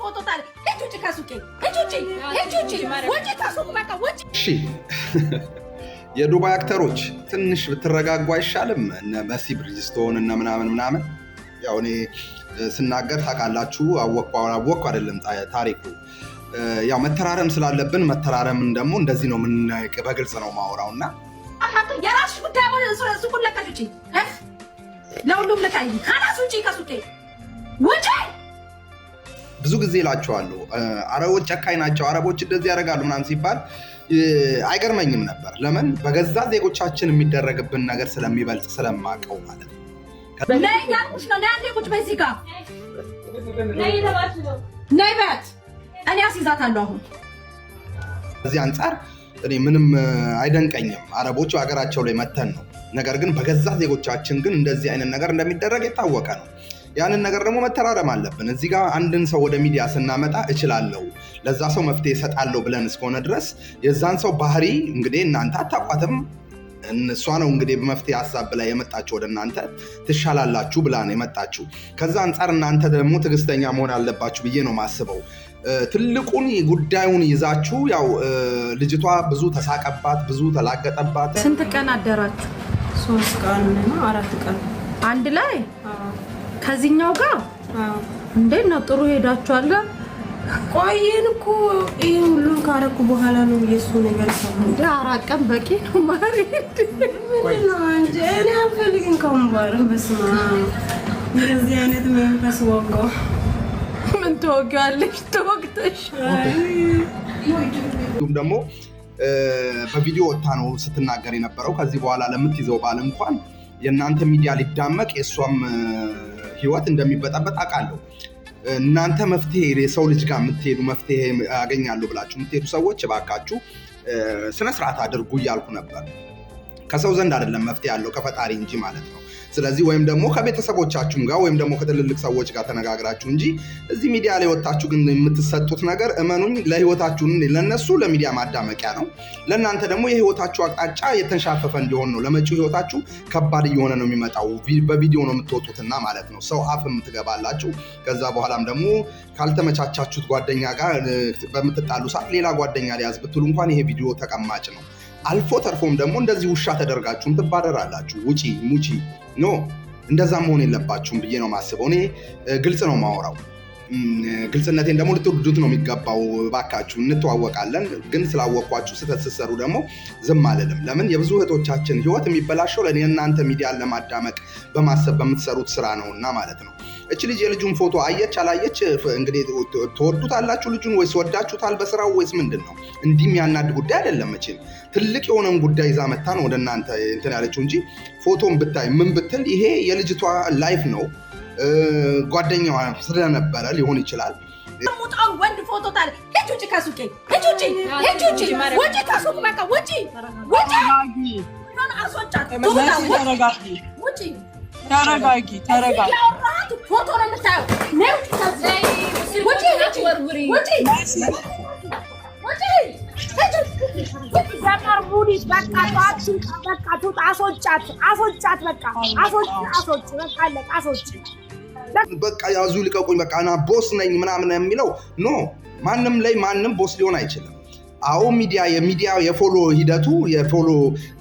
ፎቶታል። ሂጅ ውጪ ከሱቄ ሂጅ ውጪ ሂጅ ውጪ ውጪ ከሱቅ በቃ ውጪ። እሺ የዱባይ አክተሮች ትንሽ ብትረጋጉ አይሻልም? እነ መሲ ብሪጅስቶን እነ ምናምን ምናምን ያው እኔ ስናገር ታውቃላችሁ፣ አወቅኩ አወቅኩ አይደለም ታሪኩ ያው መተራረም ስላለብን መተራረምን ደግሞ እንደዚህ ነው የምናየቅ በግልጽ ነው ማወራው እና የራሱ ጉዳይ ሆነ ለሁሉም ልታይ ካላሱ ውጪ ከሱቄ ውጪ ብዙ ጊዜ ይላቸዋለሁ። አረቦች ጨካኝ ናቸው፣ አረቦች እንደዚህ ያደርጋሉ ምናምን ሲባል አይገርመኝም ነበር። ለምን በገዛ ዜጎቻችን የሚደረግብን ነገር ስለሚበልጥ ስለማቀው ማለት ነው። እኔ አስይዛታለሁ አሁን ከዚህ አንጻር እኔ ምንም አይደንቀኝም። አረቦቹ ሀገራቸው ላይ መተን ነው። ነገር ግን በገዛ ዜጎቻችን ግን እንደዚህ አይነት ነገር እንደሚደረግ የታወቀ ነው። ያንን ነገር ደግሞ መተራረም አለብን። እዚህ ጋር አንድን ሰው ወደ ሚዲያ ስናመጣ እችላለሁ፣ ለዛ ሰው መፍትሄ እሰጣለሁ ብለን እስከሆነ ድረስ የዛን ሰው ባህሪ እንግዲህ እናንተ አታቋትም እሷ ነው እንግዲህ በመፍትሄ ሀሳብ ብላ የመጣችው ወደ እናንተ ትሻላላችሁ ብላ ነው የመጣችው። ከዛ አንጻር እናንተ ደግሞ ትዕግስተኛ መሆን አለባችሁ ብዬ ነው ማስበው። ትልቁን ጉዳዩን ይዛችሁ ያው ልጅቷ ብዙ ተሳቀባት፣ ብዙ ተላገጠባት። ስንት ቀን አደራችሁ? ሶስት ቀን አራት ቀን አንድ ላይ ከዚህኛው ጋር እንዴት ነው? ጥሩ ሄዳችኋል ጋር እኮ ይህ ሁሉ ካረኩ በኋላ ነው የእሱ ነገር ሰ አራት ቀን በቂ ነው። ማሬት እኔ አልፈልግም ከምባረ በስመ አብ እንደዚህ አይነት መንፈስ ወጋ። ምን ትወጊዋለሽ? ተወግተሽ ደግሞ በቪዲዮ ወታ ነው ስትናገር የነበረው። ከዚህ በኋላ ለምትይዘው ባል እንኳን የእናንተ ሚዲያ ሊዳመቅ የእሷም ህይወት እንደሚበጣበት አውቃለሁ። እናንተ መፍትሄ የሰው ልጅ ጋር የምትሄዱ መፍትሄ ያገኛሉ ብላችሁ የምትሄዱ ሰዎች እባካችሁ ስነስርዓት አድርጉ እያልኩ ነበር። ከሰው ዘንድ አይደለም መፍትሄ ያለው ከፈጣሪ እንጂ ማለት ነው። ስለዚህ ወይም ደግሞ ከቤተሰቦቻችሁም ጋር ወይም ደግሞ ከትልልቅ ሰዎች ጋር ተነጋግራችሁ እንጂ እዚህ ሚዲያ ላይ ወጣችሁ ግን የምትሰጡት ነገር እመኑኝ ለህይወታችሁ ለነሱ ለሚዲያ ማዳመቂያ ነው፣ ለእናንተ ደግሞ የህይወታችሁ አቅጣጫ የተንሻፈፈ እንዲሆን ነው። ለመጪው ህይወታችሁ ከባድ እየሆነ ነው የሚመጣው። በቪዲዮ ነው የምትወጡትና ማለት ነው ሰው አፍ የምትገባላችሁ። ከዛ በኋላም ደግሞ ካልተመቻቻችሁት ጓደኛ ጋር በምትጣሉ ሰዓት ሌላ ጓደኛ ሊያዝ ብትሉ እንኳን ይሄ ቪዲዮ ተቀማጭ ነው። አልፎ ተርፎም ደግሞ እንደዚህ ውሻ ተደርጋችሁም ትባረራላችሁ። ውጪ ሙጪ ኖ እንደዛ መሆን የለባችሁም ብዬ ነው ማስበው። እኔ ግልጽ ነው ማወራው። ግልጽነቴን ደግሞ ልትወዱት ነው የሚገባው። እባካችሁ እንተዋወቃለን፣ ግን ስላወቅኳችሁ ስህተት ስትሰሩ ደግሞ ዝም አልልም። ለምን የብዙ እህቶቻችን ህይወት የሚበላሸው እናንተ ሚዲያን ለማዳመቅ በማሰብ በምትሰሩት ስራ ነውና ማለት ነው። እች ልጅ የልጁን ፎቶ አየች አላየች፣ እንግዲህ ትወዱታላችሁ ልጁን ወይስ ወዳችሁታል በስራው ወይስ ምንድን ነው? እንዲህ የሚያናድ ጉዳይ አይደለም። መቼም ትልቅ የሆነን ጉዳይ ይዛ መታ ነው ወደ እናንተ እንትን ያለችው እንጂ ፎቶን ብታይ ምን ብትል ይሄ የልጅቷ ላይፍ ነው። ጓደኛዋ ስለነበረ ሊሆን ይችላል። ሙጣን ወንድ ፎቶ ሂጅ ውጪ፣ ከሱቄ ሂጅ ውጪ፣ ሂጅ ውጪ፣ ውጪ ከሱቅ በቃ ውጪ፣ ውጪ። ተረጋጊ፣ ተረጋጊ። ፎቶ ነው የምታየው። አስወጫት፣ አስወጫት፣ በቃ አስወጪ፣ አስወጪ፣ በቃ አለቀ፣ በቃ በቃ ያዙ ልቀቁኝ፣ በቃ ና ቦስ ነኝ ምናምን የሚለው ኖ፣ ማንም ላይ ማንም ቦስ ሊሆን አይችልም። አዎ ሚዲያ የሚዲያ የፎሎ ሂደቱ የፎሎ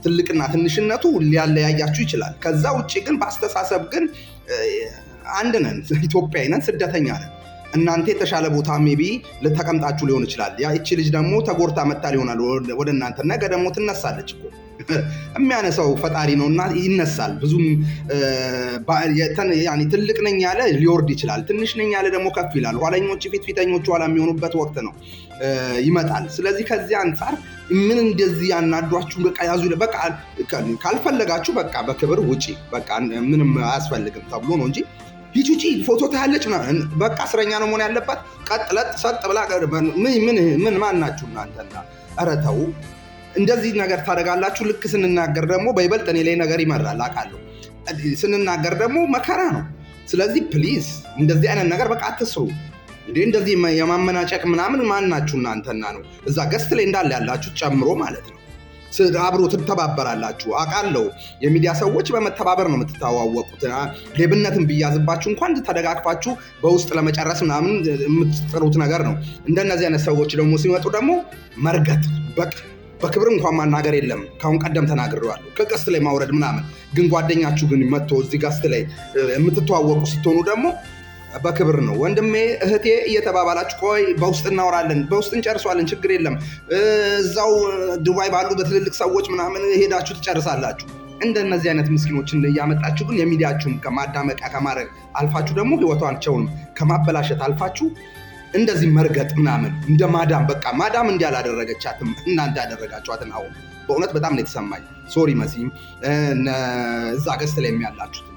ትልቅና ትንሽነቱ ሊያለያያችሁ ይችላል። ከዛ ውጭ ግን በአስተሳሰብ ግን አንድ ነን፣ ኢትዮጵያዊ ነን፣ ስደተኛ ነን። እናንተ የተሻለ ቦታ ሜቢ ልተቀምጣችሁ ሊሆን ይችላል። ያቺ ልጅ ደግሞ ተጎርታ መታ ሊሆናል ወደ እናንተ። ነገ ደግሞ ትነሳለች እኮ የሚያነሳው ፈጣሪ ነው እና ይነሳል። ብዙም ትልቅ ነኝ ያለ ሊወርድ ይችላል። ትንሽ ነኝ ያለ ደግሞ ከፍ ይላል። ኋለኞች ፊት፣ ፊተኞች ኋላ የሚሆኑበት ወቅት ነው ይመጣል። ስለዚህ ከዚህ አንጻር ምን እንደዚህ ያናዷችሁ በቃ ያዙ በቃ ካልፈለጋችሁ በቃ በክብር ውጪ በቃ ምንም አያስፈልግም ተብሎ ነው እንጂ ልጅ ውጪ ፎቶ ታያለች በቃ እስረኛ ነው መሆን ያለባት ቀጥለጥ ሰጥ ብላ ምን ምን ማን ናችሁ እናንተና ኧረ ተው እንደዚህ ነገር ታደርጋላችሁ። ልክ ስንናገር ደግሞ በይበልጥ እኔ ላይ ነገር ይመራል አውቃለሁ። ስንናገር ደግሞ መከራ ነው። ስለዚህ ፕሊዝ እንደዚህ አይነት ነገር በቃ አትስሩ። እንደ እንደዚህ የማመናጨቅ ምናምን ናችሁ እናንተና ነው እዛ ገስት ላይ እንዳለ ያላችሁ ጨምሮ ማለት ነው። አብሮ ትተባበራላችሁ አውቃለሁ። የሚዲያ ሰዎች በመተባበር ነው የምትተዋወቁት። ሌብነትን ብያዝባችሁ እንኳን ተደጋግፋችሁ በውስጥ ለመጨረስ ምናምን የምትጥሩት ነገር ነው። እንደነዚህ አይነት ሰዎች ደግሞ ሲመጡ ደግሞ መርገጥ በቃ በክብር እንኳን ማናገር የለም። ካሁን ቀደም ተናግሬዋለሁ። ከቀስት ላይ ማውረድ ምናምን ግን ጓደኛችሁ ግን መጥቶ እዚህ ጋስት ላይ የምትተዋወቁ ስትሆኑ ደግሞ በክብር ነው ወንድሜ እህቴ እየተባባላችሁ ቆይ፣ በውስጥ እናወራለን፣ በውስጥ እንጨርሷለን፣ ችግር የለም። እዛው ዱባይ ባሉ በትልልቅ ሰዎች ምናምን ሄዳችሁ ትጨርሳላችሁ። እንደነዚህ አይነት ምስኪኖችን እያመጣችሁ ግን የሚዲያችሁን ከማዳመቂያ ከማድረግ አልፋችሁ ደግሞ ህይወታቸውን ከማበላሸት አልፋችሁ እንደዚህ መርገጥ ምናምን እንደ ማዳም በቃ ማዳም እንዲህ አላደረገቻትም፣ እናንተ ያደረጋችኋትን። አሁን በእውነት በጣም ነው የተሰማኝ። ሶሪ መሲም፣ እዛ ገስት ላይ የሚያላችሁት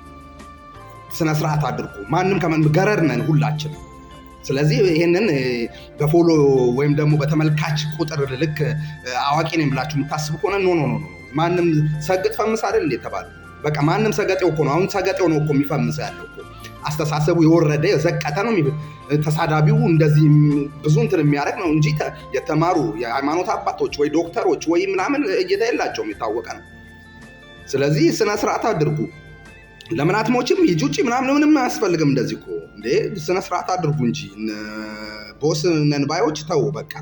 ስነ ስርዓት አድርጉ። ማንም ከመን ገረድ ነን ሁላችን። ስለዚህ ይህንን በፎሎ ወይም ደግሞ በተመልካች ቁጥር ልክ አዋቂ ነኝ ብላችሁ የምታስቡ ከሆነ ኖ ኖ ኖ፣ ማንም ሰግጥ ፈምስ አይደል ተባሉ በቃ ማንም ሰገጤው እኮ ነው። አሁን ሰገጤው ነው እኮ የሚፈምስ ያለው አስተሳሰቡ የወረደ የዘቀጠ ነው። ተሳዳቢው እንደዚህ ብዙ እንትን የሚያደርግ ነው እንጂ የተማሩ የሃይማኖት አባቶች ወይ ዶክተሮች ወይ ምናምን እይታ የላቸውም። የታወቀ ነው። ስለዚህ ስነ ስርዓት አድርጉ። ለምን አትሞችም? ሂጂ ውጪ ምናምን ምንም አያስፈልግም። እንደዚህ እኮ እንዴ ስነ ስርዓት አድርጉ እንጂ ቦስ ነንባዮች ተው በቃ።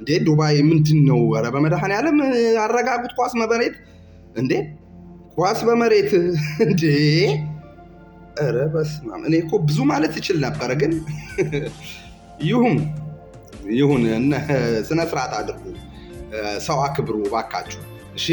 እንዴ ዱባይ ምንድን ነው? ኧረ በመድኃኔዓለም አረጋጉት። ኳስ በመሬት እንዴ ኳስ በመሬት እንዴ ኧረ በስመ አብ እኔ እኮ ብዙ ማለት እችል ነበረ፣ ግን ይሁን ይሁን፣ ስነ ስርዓት አድርጉ፣ ሰው አክብሩ ባካችሁ። እሺ